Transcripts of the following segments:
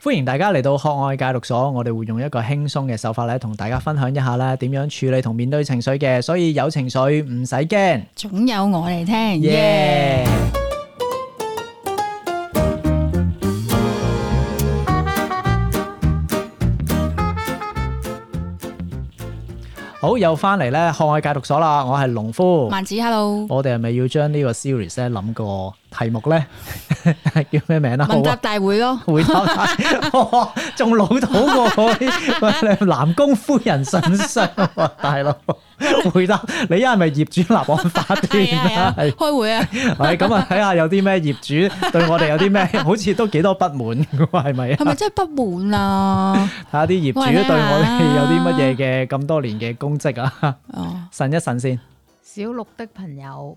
歡迎大家嚟到學愛戒毒所，我哋會用一個輕鬆嘅手法咧，同大家分享一下咧點樣處理同面對情緒嘅，所以有情緒唔使驚，總有我嚟聽。耶！好，又翻嚟咧，學愛戒毒所啦，我係農夫，萬子，hello，我哋係咪要將呢個 series 咧諗過？題目咧 叫咩名啊？問答大會咯，問、啊、 答大會仲老土過嗰啲南宮夫人神息？大佬回答，你依家係咪業主立案法團 啊？係、啊啊、開會啊？係咁 啊，睇下有啲咩業主對我哋有啲咩， 好似都幾多不滿噶嘛？係咪啊？係咪真係不滿啊？睇下啲業主對我哋有啲乜嘢嘅咁多年嘅功績啊？哦，神一神先。小六的朋友。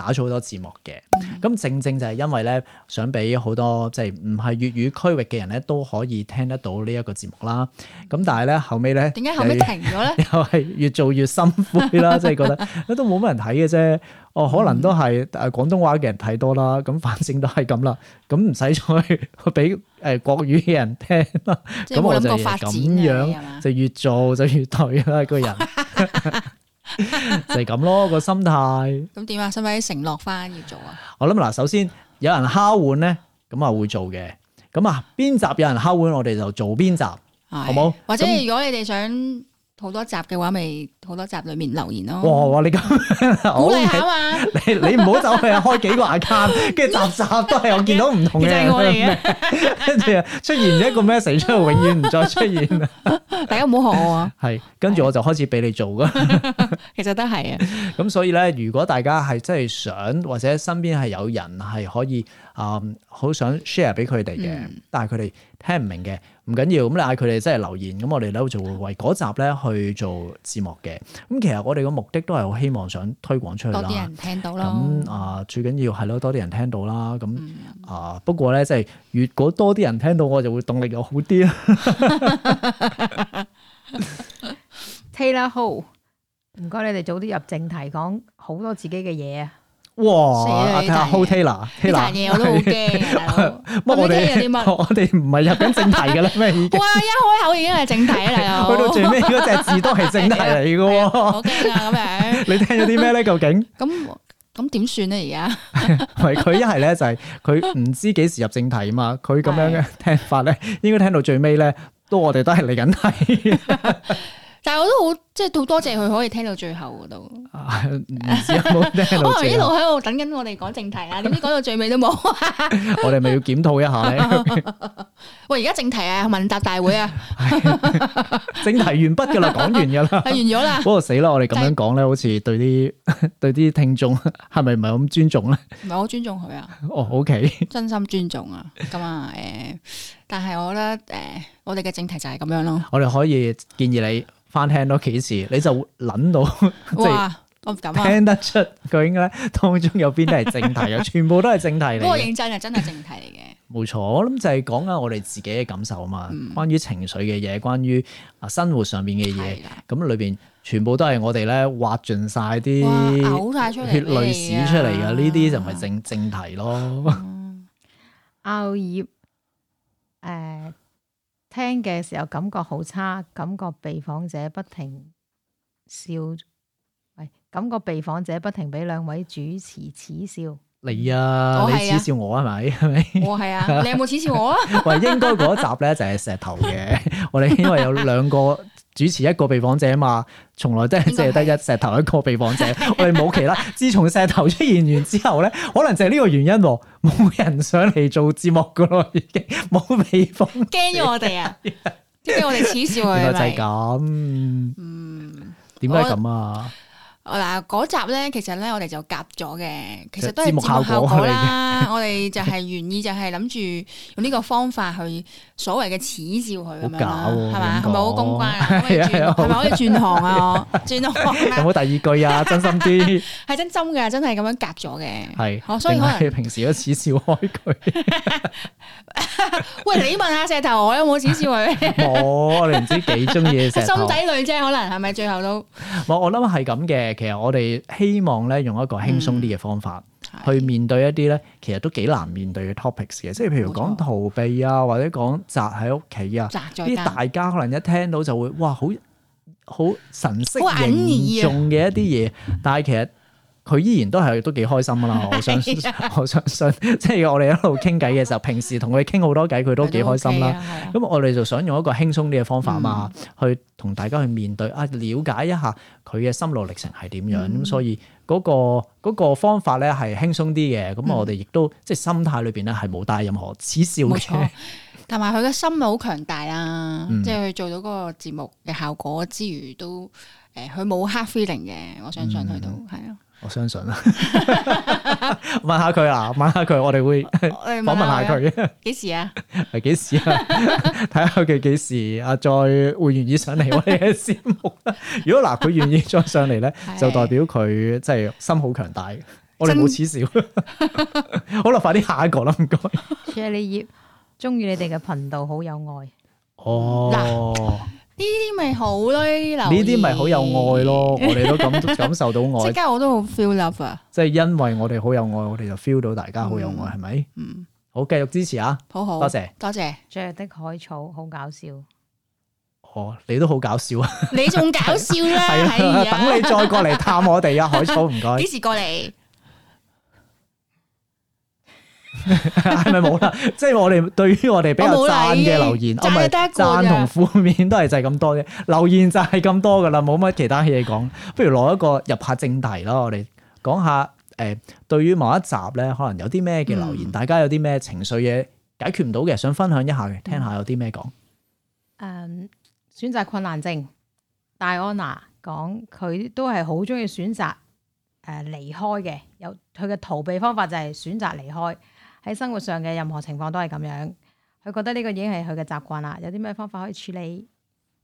打咗好多字幕嘅，咁、嗯、正正就係因為咧，想俾好多即係唔係粵語區域嘅人咧，都可以聽得到呢一個節目啦。咁、嗯、但係咧後尾咧，點解後尾停咗咧？又係越做越心灰啦，即係 覺得都冇乜人睇嘅啫。哦，可能都係誒廣東話嘅人睇多啦。咁、嗯、反正都係咁啦。咁唔使再去俾誒國語嘅人聽啦。咁 我就係咁樣，就越做就越退啦。個人。 就係咁咯，個心態。咁點啊？使唔使承諾翻要做啊？我諗嗱，首先有人敲碗咧，咁啊會做嘅。咁啊，邊集有人敲碗，我哋就做邊集，好冇？或者如果你哋想。好多集嘅話，咪好多集裏面留言咯。哇，哇！你咁好嚟啊嘛 你你唔好走去啊！開幾個 account，跟住集集都係 我見到唔同嘅人。就係我嚟嘅。跟住 出現咗一個 message，之後永遠唔再出現。大家唔好學我啊！係，跟住我就開始俾你做噶。 其實都係啊。咁 所以咧，如果大家係真係想，或者身邊係有人係可以啊，好、呃、想 share 俾佢哋嘅，但係佢哋聽唔明嘅。嗯唔緊要，咁你嗌佢哋真係留言，咁我哋咧就會為嗰集咧去做字幕嘅。咁其實我哋嘅目的都係好希望想推廣出去啦。多啲人聽到，咁啊最緊要係咯，多啲人聽到啦。咁啊不過咧即係如果多啲人聽到，我就會動力又好啲啦。Taylor Ho，唔該你哋早啲入正題，講好多自己嘅嘢啊！哇！睇下 h o t a y l o 呢層嘢我都好驚。乜我哋我哋唔係入緊正題嘅啦咩？哇！一開口已經係正題嚟，去到最尾嗰隻字都係正題嚟嘅。好驚啊！咁樣你聽咗啲咩咧？究竟，咁咁點算咧？而家唔係佢一係咧就係佢唔知幾時入正題嘛？佢咁樣嘅聽法咧，應該聽到最尾咧，都我哋都係嚟緊睇！但係我都好。即係好多謝佢可以聽到最後嗰度，可能一路喺度等緊我哋講正題啊！點知講到最尾都冇，我哋咪要檢討一下咧。喂，而家正題啊，問答大會啊，正題完畢噶啦，講完噶啦，係完咗啦。不過死啦，我哋咁樣講咧，好似對啲對啲聽眾係咪唔係咁尊重咧？唔係我好尊重佢啊。哦，OK，真心尊重啊。咁啊，誒，但係我覺得，誒，我哋嘅正題就係咁樣咯。我哋可以建議你。翻聽多幾次，你就會諗到即係我唔敢聽得出究竟呢當中有邊啲係正題嘅，全部都係正題嚟。不過 認真係真係正題嚟嘅。冇錯，就是、講講我諗就係講下我哋自己嘅感受啊嘛，嗯、關於情緒嘅嘢，關於啊生活上、嗯、面嘅嘢，咁裏邊全部都係我哋咧挖盡晒啲血淚史出嚟嘅，呢啲、呃呃呃、就唔係正正題咯。拗葉誒。呃呃聽嘅時候感覺好差，感覺被訪者不停笑，喂，感覺被訪者不停俾兩位主持恥笑。你啊，你恥笑我係咪？我係啊，你有冇恥笑我啊？喂，應該嗰集咧就係石頭嘅，我哋因為有兩個。主持一個被訪者嘛，從來都係只係得一石頭一個被訪者，該我哋冇其他。 自從石頭出現完之後咧，可能就係呢個原因喎，冇人上嚟做節目噶咯。已經冇被訪，驚咗我哋啊！驚 我哋恥笑佢咪就係咁，點解咁啊？嗱，嗰集咧，其實咧我哋就夾咗嘅，其實都係節目效果啦。我哋就係願意就係諗住用呢個方法去所謂嘅恥笑佢咁樣啦，係嘛？係咪好公關啊，係咪可以轉行啊？轉行有冇第二句啊？真心啲係真心嘅，真係咁樣夾咗嘅係。所以可能平時都恥笑開佢。喂，你問下石頭，我有冇恥笑佢？我哋唔知幾中意石心仔女啫，可能係咪？最後都唔，我諗係咁嘅。其實我哋希望咧用一個輕鬆啲嘅方法、嗯、去面對一啲咧其實都幾難面對嘅 topics 嘅，即係譬如講逃避啊，錯或者講宅喺屋企啊，啲大家可能一聽到就會哇好好神色凝重嘅一啲嘢，啊、但係其實。佢依然都係都幾開心啦！我相信，我相信，即係我哋一路傾偈嘅時候，平時同佢傾好多偈，佢都幾開心啦。咁我哋就想用一個輕鬆啲嘅方法嘛，去同大家去面對啊，瞭解一下佢嘅心路歷程係點樣。咁所以嗰個嗰個方法咧係輕鬆啲嘅。咁我哋亦都即係心態裏邊咧係冇帶任何恥笑嘅。冇錯，同埋佢嘅心好強大啦！即係佢做到嗰個節目嘅效果之餘，都誒，佢冇 hard feeling 嘅。我相信佢都係啊。我相信啦， 問下佢啦，問下佢，我哋會訪問下佢。幾時啊？係幾時啊？睇下佢幾時啊？再會願意上嚟 我哋嘅節目。如果嗱佢願意再上嚟咧，就代表佢即係心好強大。的我哋冇恥笑。 好啦，快啲下一個啦，唔該。謝你。葉，中意你哋嘅頻道，好有愛。哦。呢啲咪好咯，呢啲呢啲咪好有愛咯，我哋都感感受到愛。即刻我都好 feel love 啊！即係因為我哋好有愛，我哋就 feel 到大家好有愛，係咪？嗯。好，繼續支持啊！好好，多謝，多謝。Jade 的海草好搞笑。哦，你都好搞笑啊！你仲搞笑啦！係啊，等你再過嚟探我哋啊，海草唔該。幾時過嚟？係咪冇啦？即係我哋對於我哋比較讚嘅留言，我唔係贊同負面都係就係咁多嘅 留言就係咁多噶啦，冇乜其他嘢講。不如攞一個入下正題咯，我哋講下誒、呃，對於某一集咧，可能有啲咩嘅留言，嗯、大家有啲咩情緒嘢解決唔到嘅，想分享一下嘅，聽下有啲咩講。誒、嗯，選擇困難症，戴安娜講佢都係好中意選擇誒離開嘅，有佢嘅逃避方法就係選擇離開。喺生活上嘅任何情況都係咁樣，佢覺得呢個已經係佢嘅習慣啦。有啲咩方法可以處理？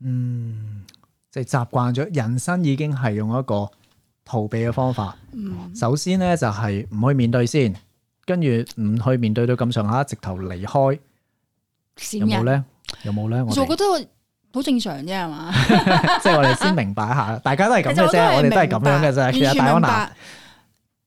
嗯，即係習慣咗，人生已經係用一個逃避嘅方法。首先咧就係唔去面對先，跟住唔去面對到咁上下，直頭離開。有冇咧？有冇咧？我就覺得好正常啫，係嘛？即係我哋先明白一下，大家都係咁嘅啫，我哋都係咁樣嘅啫。其實戴安娜。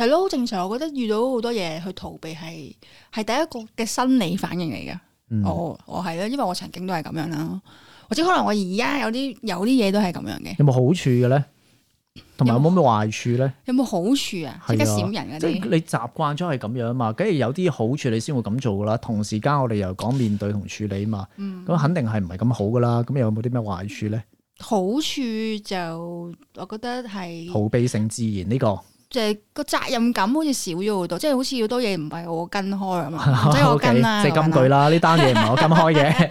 係咯，好正常。我覺得遇到好多嘢，去逃避，係係第一個嘅心理反應嚟嘅。嗯 oh, 我我係咯，因為我曾經都係咁樣啦。或者可能我而家有啲有啲嘢都係咁樣嘅。有冇好處嘅咧？同埋有冇咩壞處咧？有冇好處啊？即刻閃人嘅啫。你習慣咗係咁樣嘛，梗係有啲好處你先會咁做噶啦。同時間我哋又講面對同處理嘛，咁肯定係唔係咁好噶啦。咁有冇啲咩壞處咧？好處就我覺得係逃避性自然呢、這個。就係個責任感好似少咗好多，即係好似好多嘢唔係我跟開啊嘛，即係 Okay, 我跟啦。即係金句啦，呢單嘢唔係我跟開嘅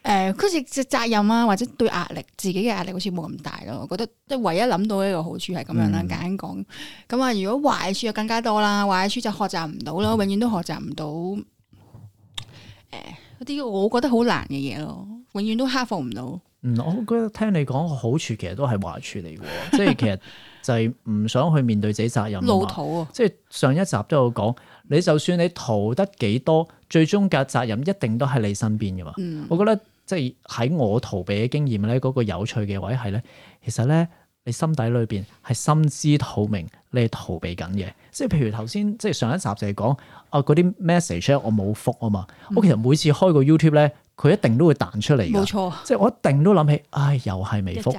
呃。誒，好似責任啊，或者對壓力，自己嘅壓力好似冇咁大咯。我覺得即係唯一諗到一個好處係咁樣啦，簡單、嗯、講。咁啊，如果壞處就更加多啦，壞處就學習唔到咯，永遠都學習唔到。誒、呃，嗰啲我覺得好難嘅嘢咯，永遠都克服唔到。我覺得聽你講個好處，其實都係壞處嚟嘅，即係其實。 就係唔想去面對自己責任，老土啊！即係上一集都有講，你就算你逃得幾多，最終嘅責任一定都喺你身邊嘅嘛。嗯、我覺得即係喺我逃避嘅經驗咧，嗰、嗰個有趣嘅位係咧，其實咧你心底裏邊係心知肚明你係逃避緊嘅。即係譬如頭先即係上一集就係講啊，嗰啲 message 我冇覆啊嘛。嗯、我其實每次開個 YouTube 咧，佢一定都會彈出嚟嘅，冇錯，即係我一定都諗起，唉、哎，又係未覆。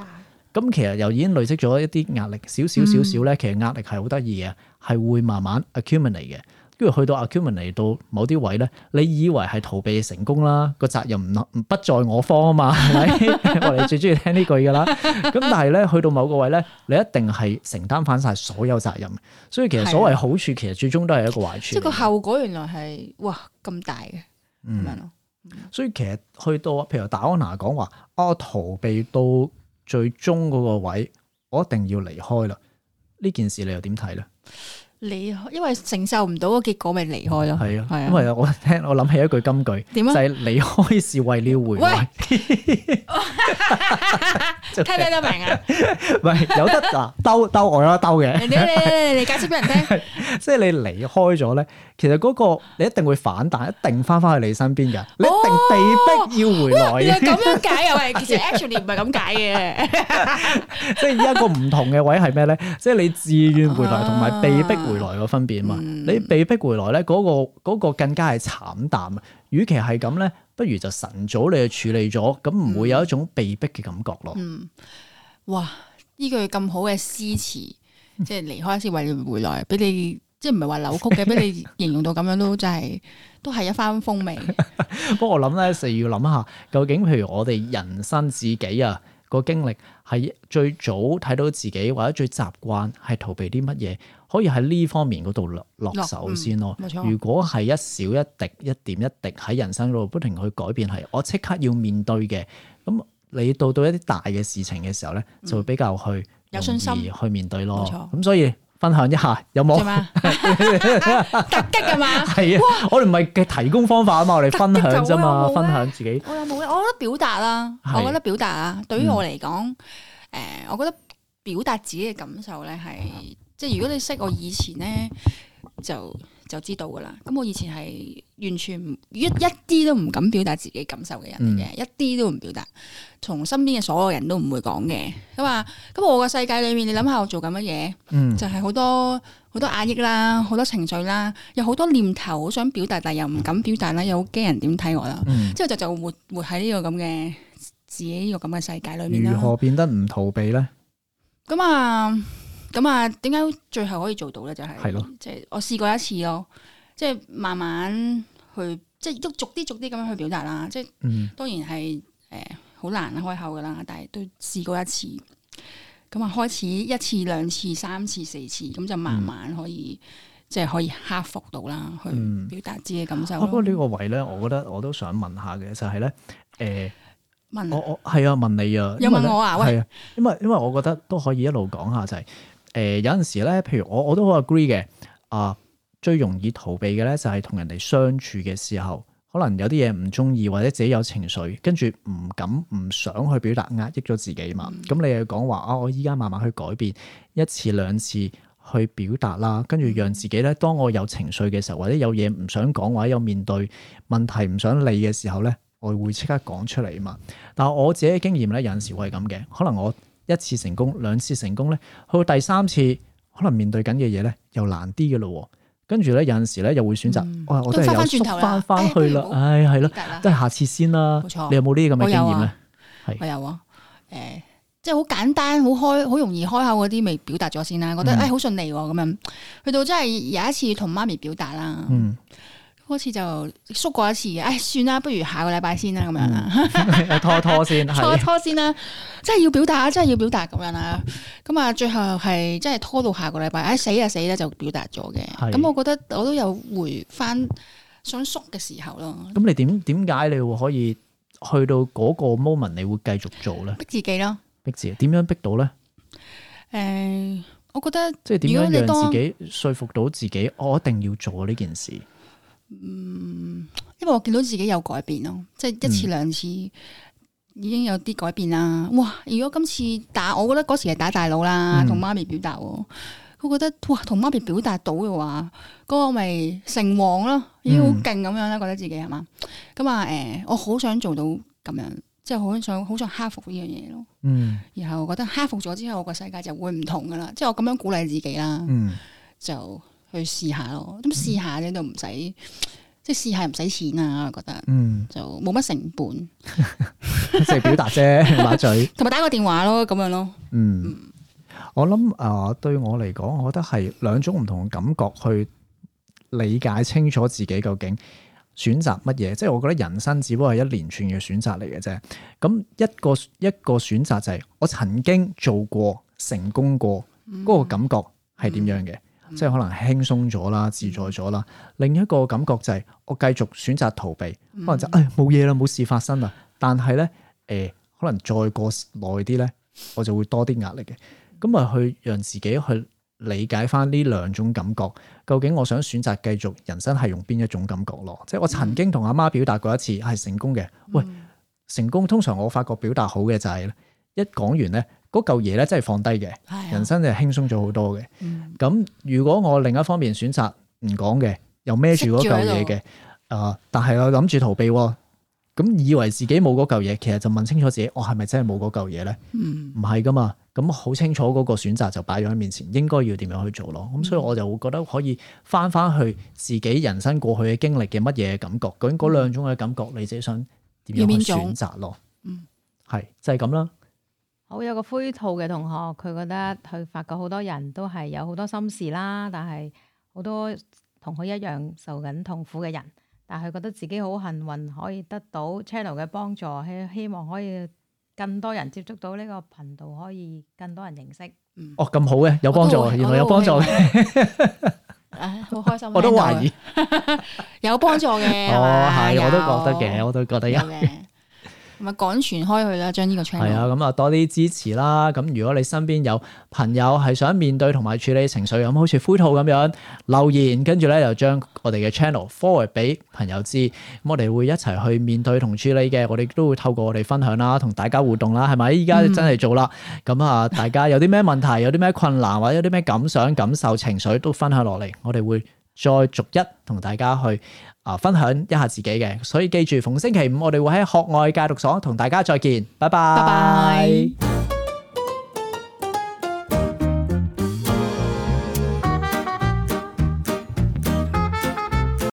咁其實又已經累積咗一啲壓力，少少少少咧，其實壓力係好得意嘅，係會慢慢 accumulate 嘅。跟住去到 accumulate 到某啲位咧，你以為係逃避成功啦，個責任唔唔不在我方啊嘛，係咪？ 我哋最中意聽呢句㗎喇。咁但係咧，去到某個位咧，你一定係承擔返晒所有責任。所以其實所謂好處，的其實最終都係一個壞處。即係個後果原來係哇咁大嘅，嗯。樣所以其實去到譬如大安娜講話，我逃避到。最終嗰個位，我一定要離開啦。呢件事你又點睇呢？你因為承受唔到個結果，咪離開咯。係啊，係啊。因為我聽，我諗起一句金句，就係離開是為了回來。聽唔聽得明啊？唔係有得啊，兜兜我有得兜嘅。你解釋俾人聽。即係你離開咗咧，其實嗰個你一定會反彈，一定翻翻去你身邊嘅。你一定被逼要回來嘅。咁樣解又係，其實 actually 唔係咁解嘅。即係而家一個唔同嘅位係咩咧？即係你自願回來同埋被逼。回來嘅分別嘛？嗯、你被迫回來咧，嗰、嗰個、嗰個更加係慘淡。與其係咁咧，不如就晨早你去處理咗，咁唔會有一種被迫嘅感覺咯。嗯，哇！依句咁好嘅詩詞，嗯、即係離開先為你回來，俾你即係唔係話扭曲嘅，俾你形容到咁樣 都真係都係一番風味。不過 我諗咧，就要諗下，究竟譬如我哋人生自己啊。個經歷係最早睇到自己，或者最習慣係逃避啲乜嘢，可以喺呢方面嗰度落落手先咯。嗯、如果係一小一滴一點一滴喺人生度不停去改變，係我即刻要面對嘅。咁你到到一啲大嘅事情嘅時候咧，嗯、就會比較去有信心去面對咯。咁、嗯、所以。分享一下有冇？突擊噶嘛？係啊的， 我哋唔係嘅提供方法啊嘛，我哋分享啫嘛，分享自己。我有冇？我覺得表達啦，我覺得表達啊，對於我嚟講，誒，我覺得表達自己嘅感受咧，係、嗯、即係如果你識我以前咧，就。就知道噶啦。咁我以前係完全一一啲都唔敢表達自己感受嘅人嚟嘅，嗯、一啲都唔表達，從身邊嘅所有人都唔會講嘅。咁啊，咁我個世界裏面，你諗下我做緊乜嘢？嗯、就係好多好多壓抑啦，好多情緒啦，有好多念頭好想表達，但又唔敢表達啦，又好驚人點睇我啦。之後就就活活喺呢個咁嘅自己呢個咁嘅世界裏面啦。如何變得唔逃避咧？咁啊。呃咁啊，點解最後可以做到咧？就係，即係我試過一次咯，是的 即係慢慢去，即係喐逐啲逐啲咁樣去表達啦。即係、嗯、當然係誒、好、呃、難開口噶啦，但係都試過一次。咁啊，開始一次、兩次、三次、四次，咁就慢慢可以，即係、嗯、可以克服到啦，去表達自己嘅感受。不過呢個位咧，我覺得我都想問下嘅就係、是、咧，誒、呃啊，我我係啊，問你啊，又問我啊，喂，因為、啊、因為我覺得都可以一路講下就係、是。誒、呃、有陣時咧，譬如我我都好 agree 嘅，啊最容易逃避嘅咧就係、是、同人哋相處嘅時候，可能有啲嘢唔中意，或者自己有情緒，跟住唔敢、唔想去表達，壓抑咗自己嘛。咁、嗯嗯、你又講話啊，我依家慢慢去改變，一次兩次去表達啦，跟住讓自己咧，當我有情緒嘅時候，或者有嘢唔想講，或者有面對問題唔想理嘅時候咧，我會即刻講出嚟嘛。但係我自己嘅經驗咧，有陣時會係咁嘅，可能我。一次成功，兩次成功咧，去到第三次可能面對緊嘅嘢咧又難啲嘅咯。跟住咧有陣時咧又會選擇、嗯哎，我係我真係有縮翻轉頭翻去啦，唉、哎，係咯，即係、哎、下次先啦。冇錯錯，你有冇呢啲咁嘅經驗咧？我有啊，誒是、啊呃，即係好簡單，好開，好容易開口嗰啲未表達咗先啦。覺得唉好的、哎、順利咁樣，去到真係有一次同媽咪表達啦。嗯。好似就縮過一次嘅，唉、哎，算啦，不如下個禮拜先啦，咁樣啦，拖拖先， 拖拖先啦，即係 要表達，即係要表達咁樣啦。咁啊，最後係真係拖到下個禮拜，唉、哎，死啊死啦，就表達咗嘅。咁我覺得我都有回翻想縮嘅時候咯。咁你點點解你會可以去到嗰個 moment 你會繼續做咧？逼自己咯，逼自己，點樣逼到咧？誒、呃，我覺得即係點樣讓自己說服到自己，我一定要做呢件事。嗯，因為我見到自己有改變咯，嗯、即係一次兩次已經有啲改變啦。哇！如果今次打，我覺得嗰時係打大佬啦，同、嗯、媽咪表達我，我覺得哇，同媽咪表達到嘅話，嗰、嗰個咪成王咯，已經好勁咁樣啦。覺得自己係嘛？咁啊、嗯，誒，我好想做到咁樣，即係好想好想克服呢樣嘢咯。嗯，然後我覺得克服咗之後，我個世界就會唔同噶啦，即係我咁樣鼓勵自己啦。就、嗯。嗯去試下咯，咁試下啫，都唔使即係試下唔使錢啊，我覺得，嗯，就冇乜成本，即係表達啫，擘嘴，同埋打個電話咯，咁樣咯，嗯，我諗啊、呃，對我嚟講，我覺得係兩種唔同嘅感覺去理解清楚自己究竟選擇乜嘢，嗯、即係我覺得人生只不過係一連串嘅選擇嚟嘅啫，咁一個一個選擇就係我曾經做過成功過嗰、那個感覺係點樣嘅。嗯即係可能輕鬆咗啦，自在咗啦。嗯、另一個感覺就係我繼續選擇逃避，嗯、可能就誒冇嘢啦，冇、哎、事，事發生啦。但係咧，誒、呃、可能再過耐啲咧，我就會多啲壓力嘅。咁啊、嗯，去讓自己去理解翻呢兩種感覺，究竟我想選擇繼續人生係用邊一種感覺咯？即係、嗯、我曾經同阿媽，媽表達過一次，係成功嘅。嗯、喂，成功通常，常我發覺表達好嘅就係、是、一講完咧。嗰嚿嘢咧真係放低嘅，哎、呀人生就輕鬆咗好多嘅。咁、嗯、如果我另一方面選擇唔講嘅，又孭住嗰嚿嘢嘅，誒、呃，但係我諗住逃避，咁、嗯、以為自己冇嗰嚿嘢，其實就問清楚自己，我係咪真係冇嗰嚿嘢咧？唔係噶嘛，咁好清楚嗰個選擇就擺咗喺面前，應該要點樣去做咯。咁所以我就會覺得可以翻翻去自己人生過去嘅經歷嘅乜嘢感覺，究竟嗰兩種嘅感覺你自己想點樣去選擇咯、嗯？嗯，係就係咁啦。好有個灰兔嘅同學，佢覺得佢發覺好多人都係有好多心事啦，但係好多同佢一樣受緊痛苦嘅人，但係佢覺得自己好幸運可以得到 channel 嘅幫助，佢希望可以更多人接觸到呢個頻道，可以更多人認識。哦，咁是好嘅，有幫助，原來有幫助嘅。好、 啊、開心。我都懷疑。有幫助嘅。對對哦，係有，我都覺得嘅，我都覺得有，有。咪廣傳開去啦，將呢個 channel。係啊，咁啊多啲支持啦。咁如果你身邊有朋友係想面對同埋處理情緒，咁好似灰兔咁樣留言，跟住咧又將我哋嘅 channel forward 俾朋友知。咁我哋會一齊去面對同處理嘅。我哋都會透過我哋分享啦，同大家互動啦，係咪？依家真係做啦。咁啊，大家有啲咩問題，有啲咩困難或者有啲咩感想、感受、情緒都分享落嚟，我哋會再逐一同大家去。啊！分享一下自己嘅，所以記住逢星期五我哋會喺學外戒毒所同大家再見，拜拜。拜拜。